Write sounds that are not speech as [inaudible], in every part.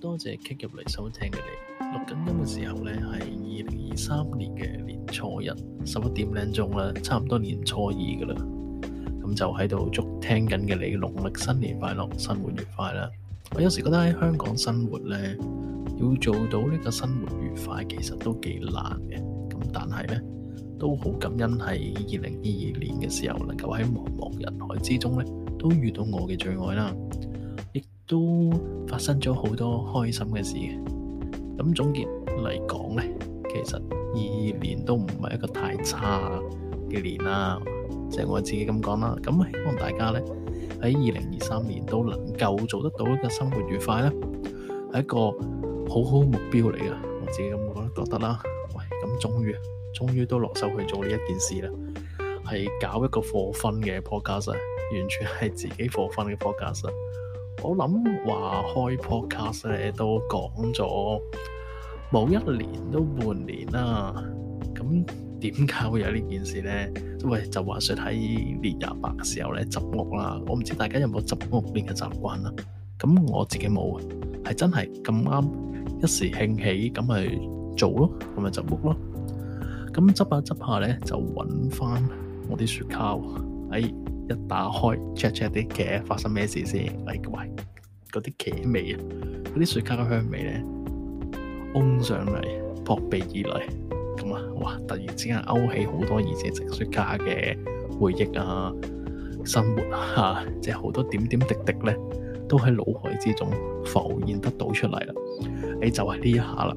多謝 kick 入嚟收聽嘅你錄緊音嘅時候呢，係二零二三年嘅年初一，十一點零鐘啦，差唔多年初二噶啦，咁就喺度祝聽緊嘅你農曆新年快樂，生活愉快啦！我有時覺得喺香港生活呢，要做到呢個生活愉快，其實都幾難嘅。咁但係呢，都好感恩喺二零二二年嘅時候，能夠喺茫茫人海之中呢，都遇到我嘅最愛啦。都發生咗好多開心嘅事嘅，咁總結嚟講呢，其實二二年都唔係一個太差嘅年啦，即係我自己咁講啦。咁希望大家呢喺二零二三年都能夠做得到一個生活愉快啦，係一個好好目標嚟噶。我自己咁講覺得啦，喂，咁終於，終於都落手去做呢一件事啦，係搞一個 for fun 嘅 podcast，完全係自己 for fun 嘅 podcast。我諗話開 podcast 咧，都講咗冇一年都半年啦，咁點解會有呢件事咧？喂，就話說喺年廿八嘅時候咧，執屋啦，我唔知大家有冇執屋年嘅習慣啦。咁我自己冇，係真係咁啱一時興起咁咪做咯，咁咪就屋咯。咁執下執下咧，就揾翻我啲雪茄係。哎一打開 check check 啲茄發生咩事先，喂，嗰啲茄味啊，嗰啲雪茄嘅香味咧，湧上嚟，撲鼻而來，咁啊，哇！突然之間勾起好多以前食雪茄嘅回憶啊，生活嚇、啊，即係好多點點滴滴咧，都喺腦海之中浮現得到出嚟啦。你、哎、就係呢一下啦，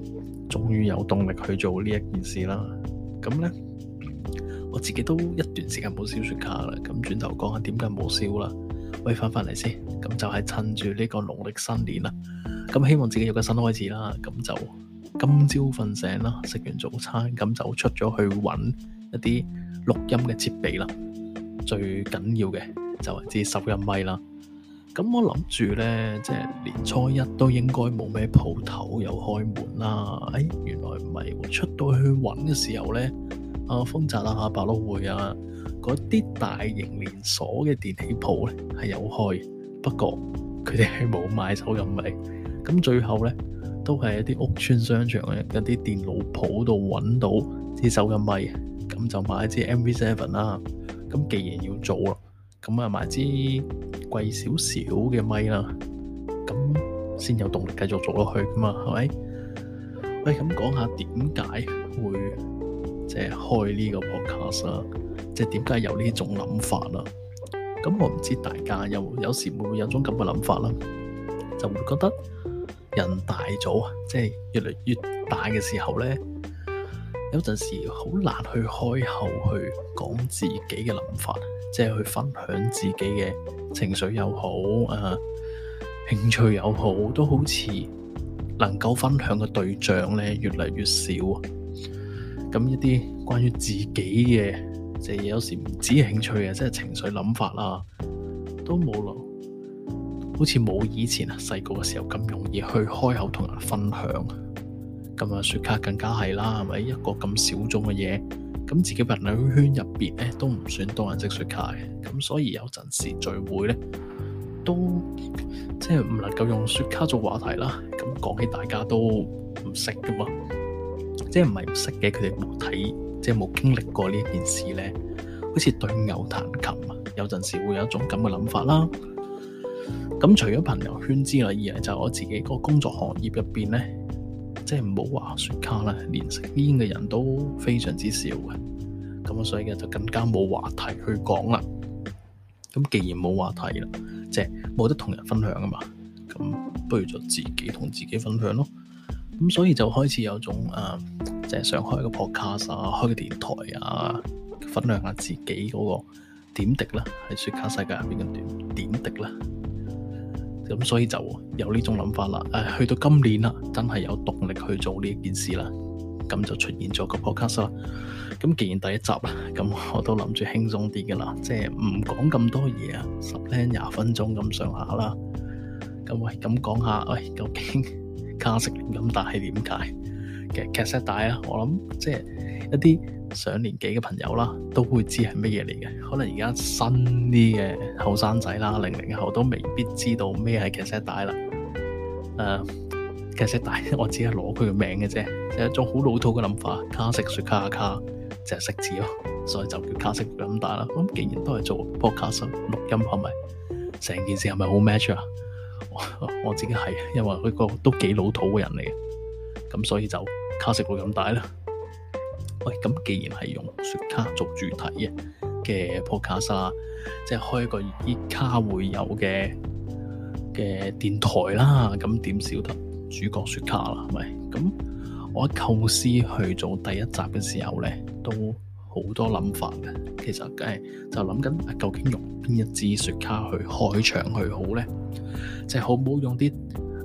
終於有動力去做呢一件事啦。咁咧～我自己都一段時間冇燒雪茄啦，咁轉頭講下點解冇燒啦？喂，翻翻嚟先，咁就係趁住呢個農曆新年啦，咁希望自己有個新開始啦，咁就今朝瞓醒啦，食完早餐咁就出咗去揾一啲錄音嘅設備啦。最緊要嘅就係支收音咪啦。咁我諗住咧，即係年初一都應該冇咩鋪頭有開門啦。哎，原來唔係出到去揾嘅時候咧。啊，豐澤啦，百老匯啊，嗰啲，啊、大型連鎖嘅電器鋪係有開，不過佢哋係冇賣手印咪。咁最後呢，都係一啲屋村商場嘅一啲電腦鋪度揾到支手印咪，咁就買一支 MV Seven 啦。咁既然要做啦，咁啊買支貴少少嘅咪啦，咁先有動力繼續做落去噶嘛，係咪？喂，咁講下點解會？即係開呢個 podcast 啦、啊，即係點解有呢種諗法啦、啊？咁我唔知大家有有時會唔會有這種咁嘅諗法啦、啊，就會覺得人大咗，即係越嚟越大嘅時候咧，有陣時好難去開口去講自己嘅諗法，即係去分享自己嘅情緒又好，誒、啊，興趣又好，都好似能夠分享嘅對象咧，越嚟越少。咁一啲關於自己嘅、就是，即係有時唔止興趣嘅，即係情緒、諗法啦，都冇咯，好似冇以前啊細個嘅時候咁容易去開口同人分享。咁啊，雪茄更加係啦，係咪一個咁小眾嘅嘢？咁自己朋友圈入面咧都唔算多人識雪茄嘅，咁所以有陣時聚會呢，都即係唔能夠用雪茄做話題啦。咁講起大家都唔識㗎嘛。即係唔係唔識嘅，佢哋冇睇，即係冇經歷過呢件事咧，好似對牛彈琴。有陣時會有一種咁嘅諗法啦。咁除咗朋友圈之外，二嚟就我自己個工作行業入邊咧，即係唔好話雪茄啦，連食煙嘅人都非常之少嘅。咁所以嘅就更加冇話題去講啦。咁既然冇話題啦，即係冇得同人分享啊嘛，咁不如就自己同自己分享咯。咁所以就開始有種誒，即、呃、係、就是、想開個 podcast 啊，開個電台啊，分享一下自己嗰個點滴啦。係雪茄世界入面嘅點滴啦，咁所以就有呢種諗法啦、呃。去到今年啦，真係有動力去做呢件事啦。咁就出現咗個 podcast 啦。咁既然第一集一啦，咁我都諗住輕鬆啲嘅啦，即係唔講咁多嘢啊，十零廿分鐘咁上下啦。咁喂，咁講下，喂，究竟卡式錄音帶係點解嘅？其實卡式帶呀，我諗即係一啲上年紀嘅朋友啦，都會知係咩嘢嚟嘅。可能而家新啲嘅後生仔啦，零零後都未必知道咩係卡式帶啦。uh, 卡式帶，我只係攞佢個名嘅啫，係、就係、一種好老土嘅諗法。卡式說卡卡，就係、係、食字咯，所以就叫卡式錄音帶啦。咁既然都係做播卡式錄音係咪，係咪成件事係咪好 match 呀、啊？ [laughs] 我自己係，因為佢個都幾老土嘅人嚟嘅，所以就卡式率咁大啦。喂，咁既然係用雪茄做主題嘅 Podcast，即係開一個依、e、茄會友嘅嘅電台啦，咁點少得主角雪茄啦？係咪？咁我一構思去做第一集嘅時候呢，都。好多諗法嘅，其實梗係就諗緊究竟用邊一支雪茄去開場去好咧？就係、是、好唔好用啲誒、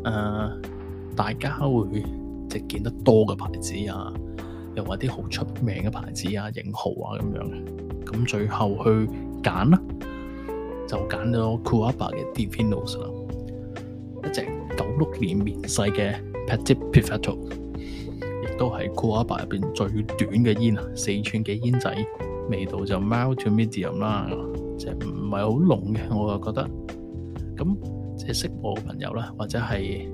呃，大家會即係見得多嘅牌子啊，又或啲好出名嘅牌子啊、型號啊咁樣。咁最後去揀啦，就揀咗 Cuaba 嘅 Divinos 啦，一隻九六年面世嘅 Petit Pifeto 都係 Cuaba 入邊最短嘅煙啊，四寸嘅煙仔，味道就 Mild to Medium 啦，即係唔係好濃嘅，我又覺得，咁即係識我嘅朋友啦，或者係，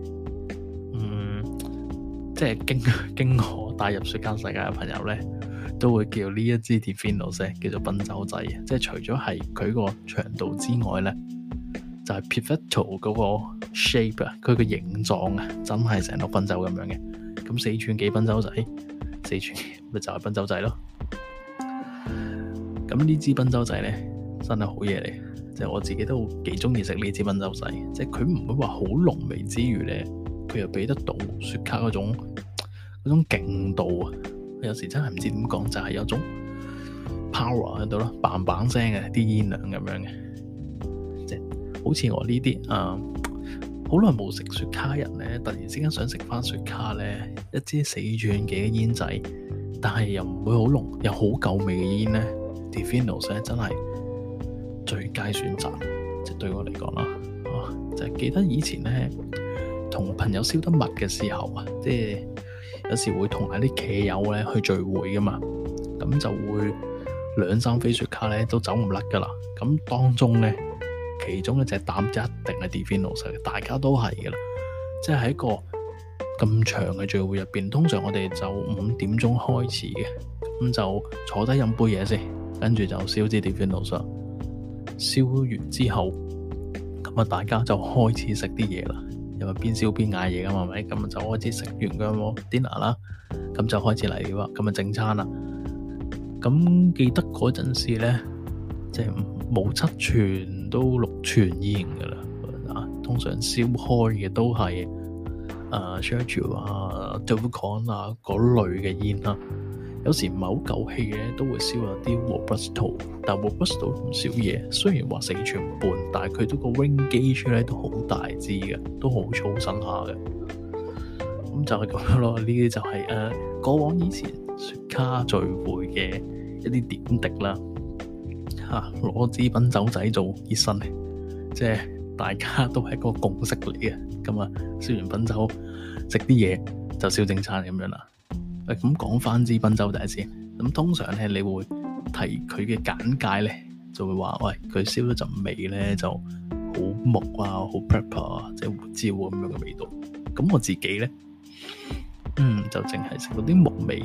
嗯，即係，經經我帶入雪茄世界嘅朋友咧，都會叫呢一支 Divinos 叫做賓周仔，即係除咗係佢個長度之外咧，就係 Perfecto 嗰個 shape 啊，佢個形狀啊，真係成個賓周咁樣嘅。咁四吋幾檳州仔，四吋咪就係檳州仔咯。咁呢支檳州仔咧，真係好嘢嚟，即係我自己都幾中意食呢支檳州仔。即係佢唔會話好濃味之餘咧，佢又畀得到雪茄嗰種嗰種勁度啊。有時真係唔知點講，就係有種 power 喺度咯，棒棒聲嘅啲煙量咁樣嘅，即係好似我呢啲啊。好耐冇食雪茄，人咧突然之間想食翻雪茄咧，一支死轉幾嘅煙仔，但係又唔會好濃，又好夠味嘅煙咧，Definos 咧真係最佳選擇，即、就、係、是、對我嚟講啦，啊就是、記得以前呢，同朋友燒得密嘅時候啊，即係有時會同埋啲茄友咧去聚會噶嘛，咁就會兩三杯雪茄咧都走唔甩噶啦，咁當中呢。其中一隻膽就一定係 Definol 實嘅，大家都係嘅啦。即係喺個咁長嘅聚會入面，通常我哋就五點鐘開始嘅，咁就坐低飲杯嘢先，跟住就燒支 Definol 實。燒完之後咁啊，大家就開始食啲嘢啦。又咪邊燒邊嗌嘢噶嘛，係咪？咁就開始食完個 dinner 啦。咁就開始嚟咗咁啊，整餐啦。咁記得嗰陣時咧，即係冇七寸都六全型嘅啦，通常燒開嘅都係誒 charge 啊，double con 啊嗰，啊啊啊啊啊、類嘅煙啦，有時唔係好夠氣嘅都會燒下啲 w h o b p e r toast，但 w h o b p e r toast 唔少嘢，雖然話四全半，但係佢都個 ring 機出嚟都好大支嘅，都好粗身下嘅，咁就係咁樣咯，呢啲就係、是、誒、啊、過往以前雪卡聚會嘅一啲點滴啦。啊！攞支品酒仔做熱身，即係大家都係一個共識嚟嘅。咁啊，燒完品酒，食啲嘢就燒正餐咁樣啦。哎，咁講翻支品酒仔先。咁通常咧，你會提佢嘅簡介咧，就會話：喂，佢燒咗陣味咧，就好木啊，好 pepper 啊，即係胡椒咁樣嘅味道。咁我自己咧，嗯，就淨係食到啲木味。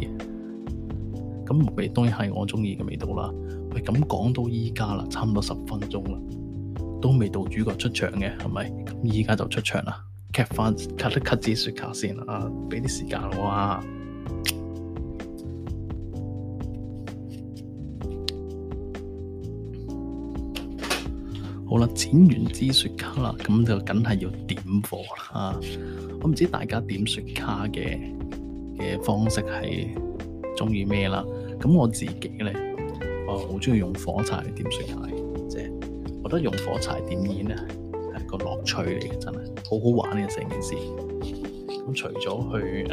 咁木味當然係我中意嘅味道啦。咁講到而家啦，差唔多十分鐘啦，都未到主角出場嘅，係咪？咁而家就出場啦，cut 翻 cut 一 cut 枝雪茄先啦，俾啲時間我啊。好啦，剪完枝雪茄啦，咁就梗係要點火啦。我唔知大家點雪茄嘅嘅方式係中意咩啦，咁我自己咧。我好中意用火柴來點雪茄，即、就、我、是、覺得用火柴點煙呢係個樂趣嚟嘅，真係好好玩嘅成件事。咁除咗去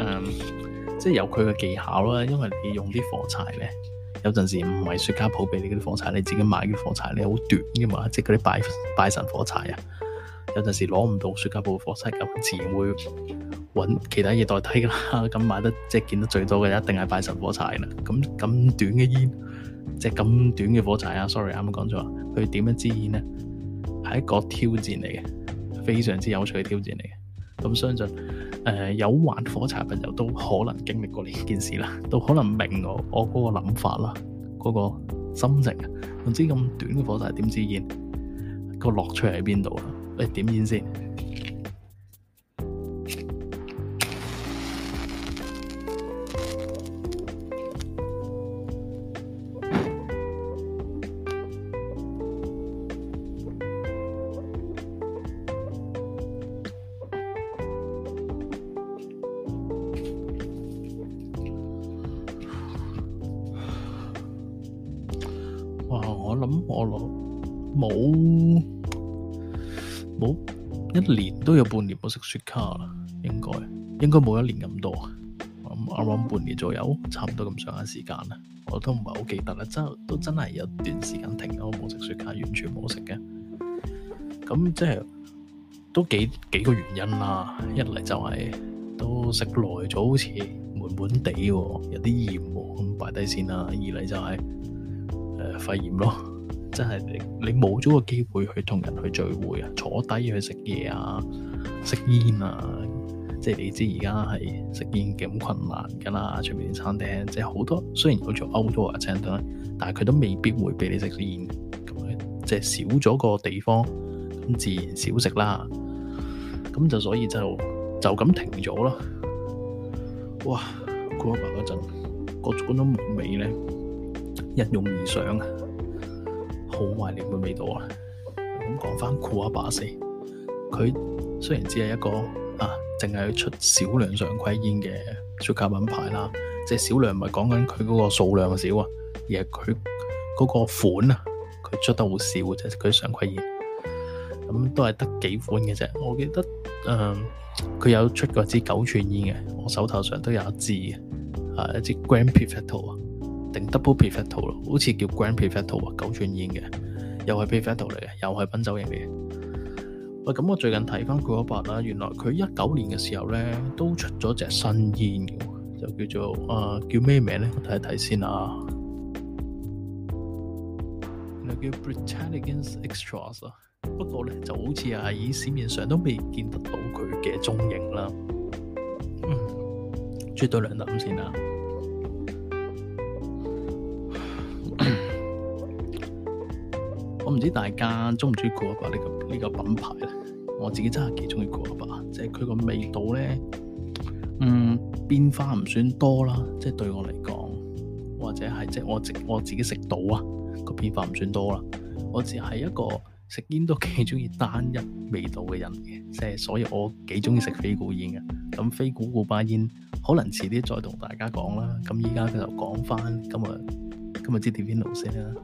即係有佢嘅技巧啦，因為你用啲火柴呢，有陣時唔係雪茄鋪俾你嗰啲火柴，你自己買嘅火柴你好短嘅嘛，即係嗰啲拜神火柴啊，有陣時攞唔到雪茄鋪嘅火柴咁自然會。搵其他嘢代替噶啦，咁買得即係見得最多嘅一定係拜神火柴啦。咁短嘅煙，即係咁短嘅火柴啊！Sorry，啱啱講錯，佢點樣支煙呢？係一個挑戰嚟嘅，非常之有趣嘅挑戰嚟嘅。咁相信、呃、有玩火柴嘅朋友都可能經歷過呢件事啦，都可能明白我我嗰個諗法啦，嗰、嗰個心情，唔知咁短嘅火柴點支煙，個樂趣喺邊度啊？喂、欸，點煙先？我諗我諗，冇冇一年都有半年冇食雪茄啦，應該應該冇一年咁多，我諗啱啱半年左右，差唔多咁上下時間啦，我都唔係好記得啦，真係都真係有段時間停咗冇食雪茄，完全冇食嘅，咁即係都幾幾個原因啦、啊，一嚟就係、是、都食耐咗，好似悶悶地，有啲厭咁擺低先啦，二嚟就係、是，肺炎咯，真係你你冇咗個機會去同人去聚會去啊，坐低去食嘢啊，食煙啊，即係你知而家係食煙咁困難噶啦，出面啲餐廳即係好多，雖然有做 outdoor 或者等等，但係佢都未必會俾你食煙，咁即係少咗個地方，咁自然少食啦。咁就所以就就咁停咗咯。哇，佢話白嗰陣各得嗰種味咧。一用而上啊！好懷念嘅味道啊！咁講返酷阿爸先，佢雖然只係一個啊，淨係出少量上規煙嘅出價品牌啦，即係少量唔係講緊佢嗰個數量少啊，而係佢嗰個款啊，佢出得好少，即係佢上規煙，咁、嗯、都係得幾款嘅啫。我記得佢、嗯、有出過一支九寸煙嘅，我手頭上都有一支，一支 Grandpa f e t t o 啊。定 Double Perfecto 好似叫 Grand Perfecto 啊，九寸煙嘅，又係 Perfecto 嚟嘅，又係品酒型嘅。喂，咁我最近睇翻佢嗰把啦，原來佢一九年嘅時候咧，都出咗隻新煙嘅，就叫做啊叫咩名咧？我睇一睇先啊。原來叫 Britannia's Extras 啊，不過咧就好似喺市面上都未見得到佢嘅蹤影啦，嗯，啜多兩啖先啦。我唔知大家中唔中意古巴呢個呢個品牌，我自己真係幾中意古巴，即係佢個味道呢，嗯，變化唔算多啦，即係對我嚟講，或者係即係我，我自己食到啊個變化唔算多啦，我只係一個食煙都幾中意單一味道嘅人嘅，所以我幾中意食非古煙嘅，咁非古古巴煙可能遲啲再同大家講啦，咁依家就講翻今日今日支點煙先啦。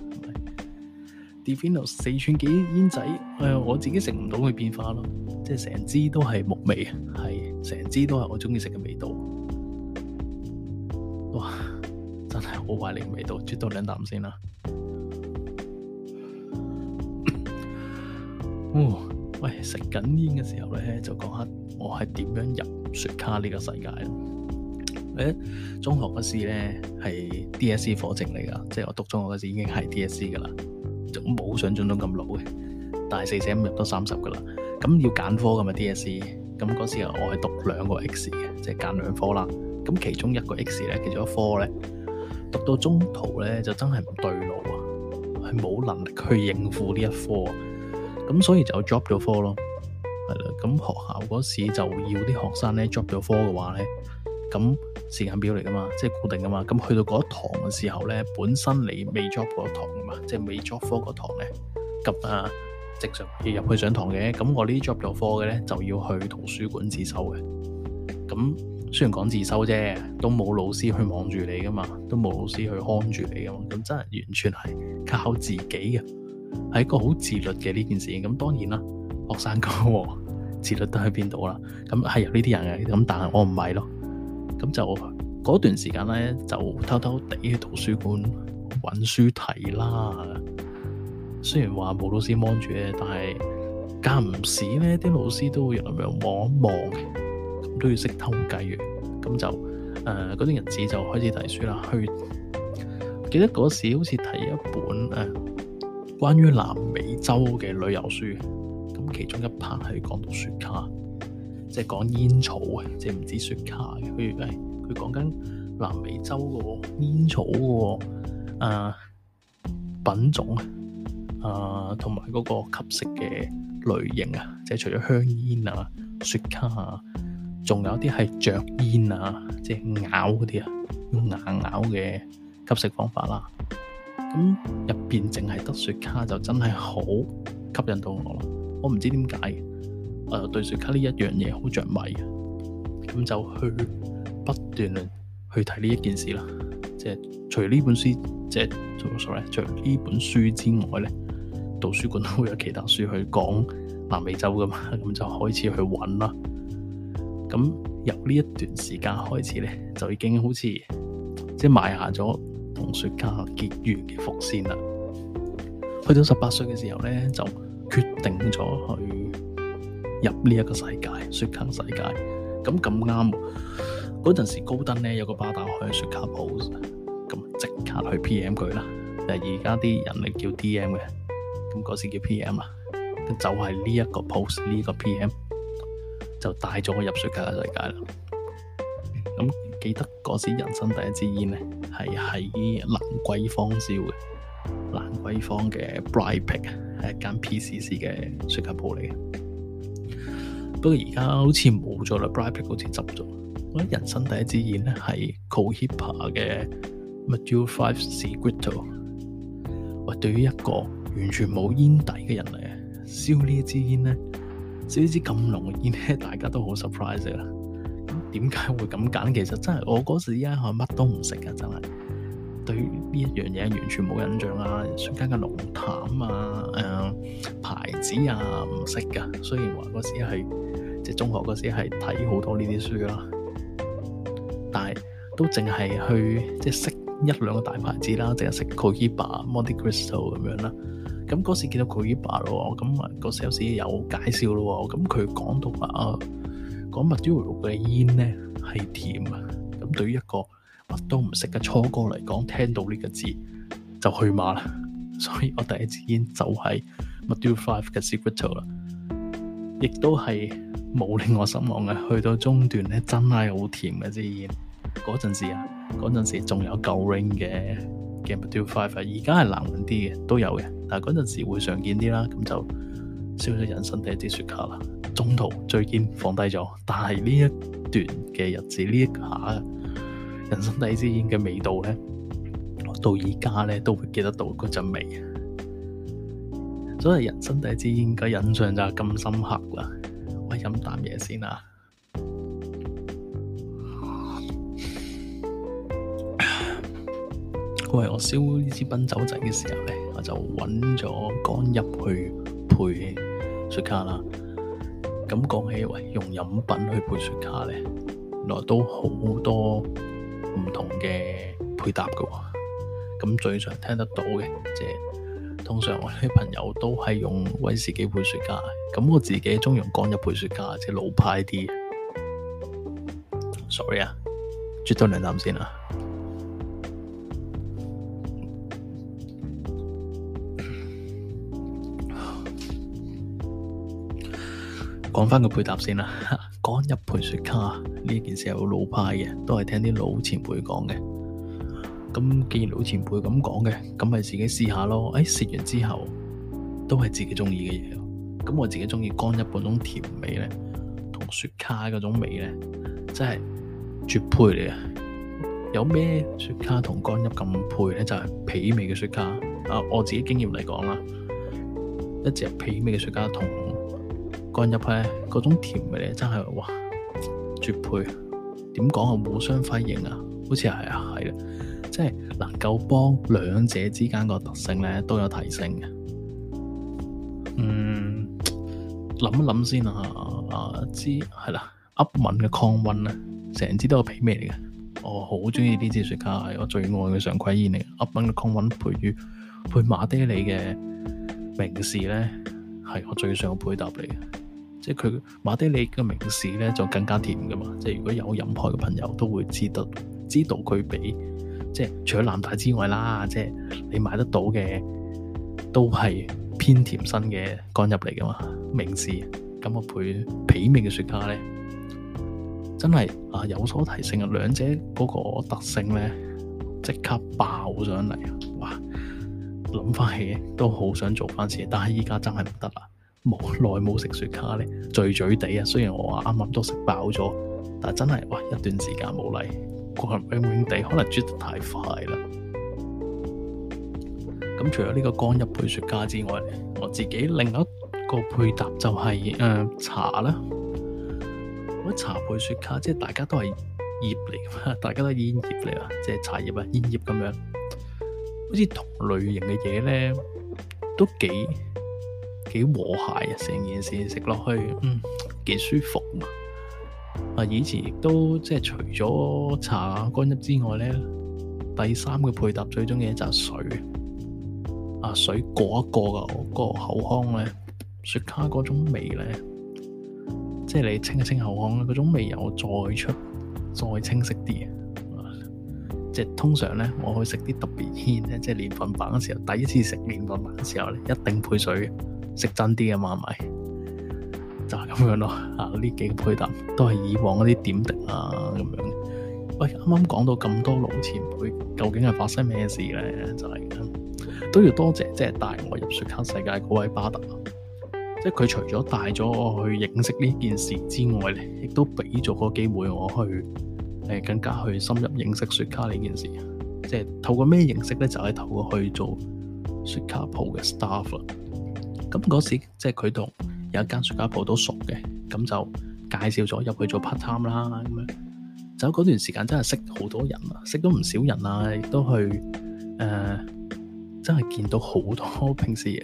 Divino 四寸幾煙仔，呃，我自己食唔到佢變化咯，即成支都係木味，係成支都係我中意食嘅味道。哇，真係好懷念嘅味道，啜多兩啖先啦。哦、 [coughs] 呃，喂，食緊煙嘅時候呢，就講下我係點樣入雪茄呢個世界。誒、欸，中學嗰時呢，係 DSC 課程嚟㗎，即、即係、我讀中學嗰時已經係 DSC 㗎喇就冇想象中咁老嘅，四捨五入都三十噶啦，咁要揀科噶嘛 DSE，咁嗰時我係讀兩個 X 嘅，即係揀兩科啦，咁其中一個 X 咧其中一科咧讀到中途咧就真係唔對路啊，係冇能力去應付呢一科，咁所以就 drop 咗科咯，係啦，咁學校嗰時就要啲學生咧 drop 咗科嘅話咧。咁時間表嚟㗎嘛，即係固定㗎嘛。咁去到嗰一堂嘅時候咧，本身你未 job 嗰堂嘛，即係未 job 課嗰堂咧，咁啊，正常要入去上堂嘅。咁我這呢啲 job 有課嘅咧，就要去圖書館自修嘅。咁雖然講自修啫，都冇老師去望住你㗎嘛，都冇老師去看住你㗎嘛。咁真係完全係靠自己嘅，係一個好自律嘅呢件事。咁當然啦，學生哥、哦、自律都喺邊度啦？咁係由呢啲人嘅，咁但係我唔係咯。咁就嗰段時間呢，就偷偷地去圖書館揾書睇啦。雖然話冇老師望住，但係間唔時呢，啲老師都會入嚟望一望，咁都要識偷雞嘅。咁就嗰啲、呃、日子就開始睇書啦。去記得嗰時好似睇一本、啊、關於南美洲嘅旅遊書，咁其中一 part 係講到雪茄。即係講煙草啊，即係唔止雪茄嘅，佢佢講緊南美洲個煙草個啊品種啊，啊同埋嗰個吸食嘅類型啊，即係除咗香煙啊、雪茄啊，仲有啲係嚼煙啊，即係咬嗰啲啊，用牙咬嘅吸食方法啦。咁入邊淨係得雪茄就真係好吸引到我咯，我唔知點解嘅。對對雪茄呢一樣嘢好着迷，咁就去不斷去睇呢一件事啦。即係除呢本書，即係 sorry，除呢本書之外呢，圖書館都會有其他書去講南美洲噶嘛，咁就開始去揾啦。咁由呢一段時間開始呢，就已經好似即係埋下咗同雪茄結緣嘅伏線啦。去到十八歲嘅時候呢，就決定咗去。入呢一個世界，雪茄世界，咁咁啱，嗰陣時高登咧有個巴打去雪茄鋪，咁即刻去 P M 佢啦。誒，而家啲人力叫 D M 嘅，咁嗰時叫 P M 啊。咁就係呢一個 post，呢個 P M 就帶咗我入雪茄世界啦。咁記得嗰時人生第一支煙咧，係喺蘭桂坊燒嘅，蘭桂坊嘅 Brightpick 係間 P C C 嘅雪茄鋪嚟嘅。不過而家好似冇咗喇，Brightpick 好似執咗。我人生第一支煙咧，係 Cohiba 嘅 Maduro Five Secretos。喂，對於一個完全冇煙底嘅人嚟，燒這呢支煙咧，燒支咁濃嘅煙，大家都好 surprise 啦。點解會咁揀？其實真係我嗰時依家乜都唔識嘅，真係對呢一樣嘢完全冇印象啊，一瞬間嘅濃淡啊、呃，牌子啊唔識嘅。雖然話嗰時係～中學嗰時係睇好多呢啲書啦，但係都淨係去即係識一兩個大牌子啦，淨係識 Cohiba、Monte Cristo 咁樣啦。咁嗰時見到 Cohiba 咯，咁個 sales 有介紹咯，咁佢講到話啊，講 Maduro 嘅煙咧係甜啊。咁對於一個乜都唔識嘅初哥嚟講，聽到呢個字就去馬啦。所以我第一支煙就係 Maduro Five 嘅 Secreto 啦，亦都係。冇令我失望嘅，去到中段咧，真係好甜嘅支煙。嗰陣時候啊，嗰陣時仲有舊 ring 嘅 Game Two Five，而家係冷啲嘅都有嘅，但係嗰陣時候會常見啲啦。咁就燒咗人生第一支雪茄啦。中途最堅放低咗，但係呢一段嘅日子，呢一下人生第一支煙嘅味道呢，咧，到而家咧都會記得到嗰陣味。所以人生第一支煙嘅印象就係咁深刻啦。飲啖嘢先啦。喂，我燒呢支賓酒仔嘅時候呢，我就揾咗乾邑去配雪茄啦。咁講起喂，用飲品去配雪茄呢，原來都好多唔同嘅配搭㗎喎。咁最常聽得到嘅即係通常我啲朋友都係用威士忌配雪茄，咁我自己中用乾邑配雪茄，即係老派啲。Sorry 啊，啜多兩啖先啊。講返個配搭先啦，乾邑配雪茄呢件事係老派嘅，都係聽啲老前輩講嘅。咁既然老前輩咁講嘅，咁咪自己試下咯。誒，食完之後都係自己中意嘅嘢。咁我自己中意乾邑嗰種甜味咧，同雪茄嗰種味咧，真係絕配嚟嘅。有咩雪茄同乾邑咁配呢？就係、是、皮味嘅雪茄。啊，我自己經驗嚟講啦，一隻皮味嘅雪茄同乾邑咧，嗰種甜味呢真係哇絕配。點講啊？互相輝映啊！好似係啊，係即係能夠幫兩者之間個特性咧都有提升嘅。嗯，諗一諗先啊，支係啦，厄文嘅抗溫咧，成支都係皮革嚟嘅。我好中意呢支雪茄，係我最愛嘅常規煙嚟嘅。厄文嘅抗溫配與配馬爹利嘅名士咧，係我最想配搭嚟嘅。即係佢馬爹利嘅名士咧，就更加甜噶嘛。即係如果有飲開嘅朋友都會知得知道佢比。即係除咗南大之外啦，即係你買得到嘅都係偏甜身嘅乾邑嚟嘅嘛。名士咁個配皮味嘅雪茄呢，真係啊有所提升啊！兩者嗰個特性呢，即刻爆上嚟哇。諗返起都好想做翻次，但係依家真係唔得啦，冇耐冇食雪茄咧，醉醉地雖然我話啱啱都食飽咗，但真係一段時間冇嚟。果行冰永地可能煮得太快啦。咁除咗呢個乾邑配雪茄之外，我自己另一個配搭就係、是呃、茶啦。我茶配雪茄，即是大家都係葉嚟噶嘛，大家都是煙葉嚟啊，即係茶葉啊，煙葉咁樣，好似同類型嘅嘢呢，都幾幾和諧呀。成件事食落去，嗯，幾舒服。以前亦都即係除咗茶、乾邑之外呢，第三個配搭最中意就係水。啊，水過一過噶個口腔呢，雪茄嗰種味呢，即係你清一清口腔，嗰種味又再出，再清晰啲。即係通常呢，我去食啲特別鮮，即係年份板嘅時候，第一次食年份板嘅時候，一定配水食真啲啊嘛，係咪、嗯。就係咁樣咯，吓，呢幾個配搭都係以往嗰啲點滴啊咁樣。喂，啱啱講到咁多老前輩，究竟係發生咩事咧？就係都要多謝，即係帶我入雪茄世界嗰位巴打，即係佢除咗帶咗我去認識呢件事之外咧，亦都俾咗個機會我去誒、呃，更加去深入認識雪茄呢件事。即係透過咩形式咧？就係透過去做雪茄鋪嘅 staff 啦。咁嗰時即係佢同。就是有一間雪茄鋪都熟嘅，咁就介紹咗入去做 part time 啦。咁就嗰段時間真係識好多人，認識到唔少人啦、啊，亦都去誒、呃，真係見到好多平時誒，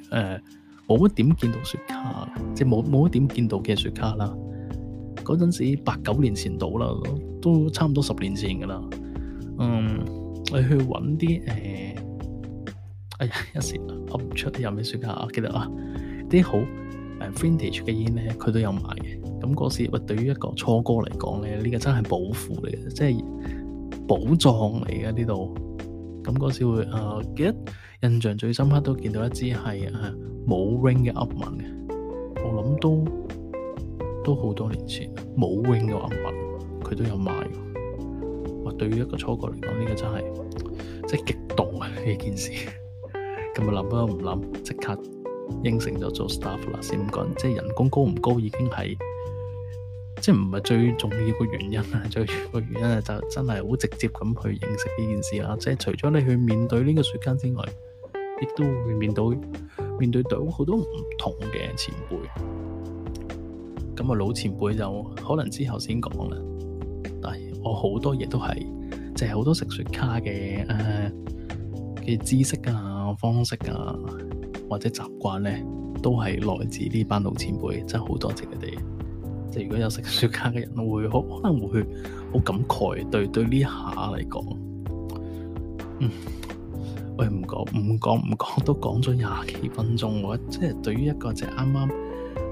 冇、呃、一點見到雪茄，即係冇冇點見到嘅雪茄啦。嗰陣時候，八九年前到啦，都差唔多十年前㗎啦。嗯，我去揾啲、呃、哎呀，一時噏唔出有咩雪茄，我記得啊，啲好。v i n t a g e 嘅煙咧，佢都有買嘅。咁嗰時，對於一個初哥嚟講這呢個真係寶庫嚟嘅，即係寶藏嚟嘅呢度。咁嗰時會記得、啊、印象最深刻都見到一支係誒冇 ring 嘅 up 文嘅。我諗都都好多年前，冇 ring 嘅 up 文，佢都有買嘅。話對於一個初哥嚟講，呢、這個真係即係激動啊！呢件事咁啊，諗都唔諗，即刻。應承就做 staff 啦，先唔講，即係人工高唔高已經係，即係唔係最重要個原因啊！最重要個原因就是真係好直接咁去認識呢件事啊！即係除咗你去面對呢個雪茄之外，亦都會面對面對到好多唔同嘅前輩。咁啊，老前輩就可能之後先講啦。但係我好多嘢都係，即係好多食雪茄嘅誒嘅知識啊，方式啊。或者習慣呢都係來自呢班老前輩，真係好多謝佢哋。如果有食雪茄嘅人，會可可能會好感慨。對對呢下嚟講，嗯，喂，唔講唔講唔講，都講咗廿幾分鐘喎。即係對於一個即係啱啱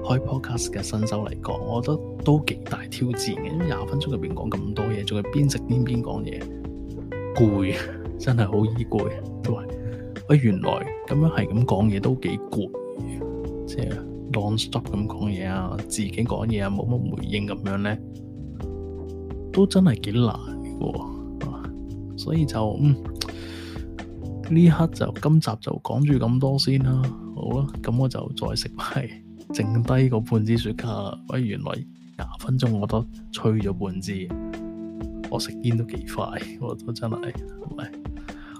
開 podcast 嘅新手嚟講，我覺得都幾大挑戰嘅。因為廿分鐘入邊講咁多嘢，仲要邊食邊邊講嘢，攰，真係好易攰。喂，原來咁樣係咁講嘢都幾攰，即係 nonstop 咁講嘢啊，自己講嘢啊，冇乜回應咁樣咧，都真係幾難嘅喎。所以就嗯，呢刻就今集就講住咁多先啦。好啦，咁我就再食埋，剩低個半支雪茄。喂，原來廿分鐘我都吹咗半支，我食煙都幾快，我都真係。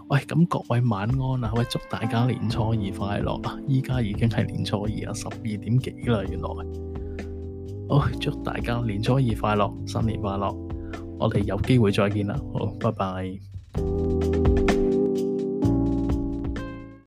喂，咁各位晚安啊！喂，祝大家年初二快樂啊！依家已經係年初二啊，十二點幾啦，原來。好，祝大家年初二快樂，新年快樂。我哋有機會再見啦，好，拜拜。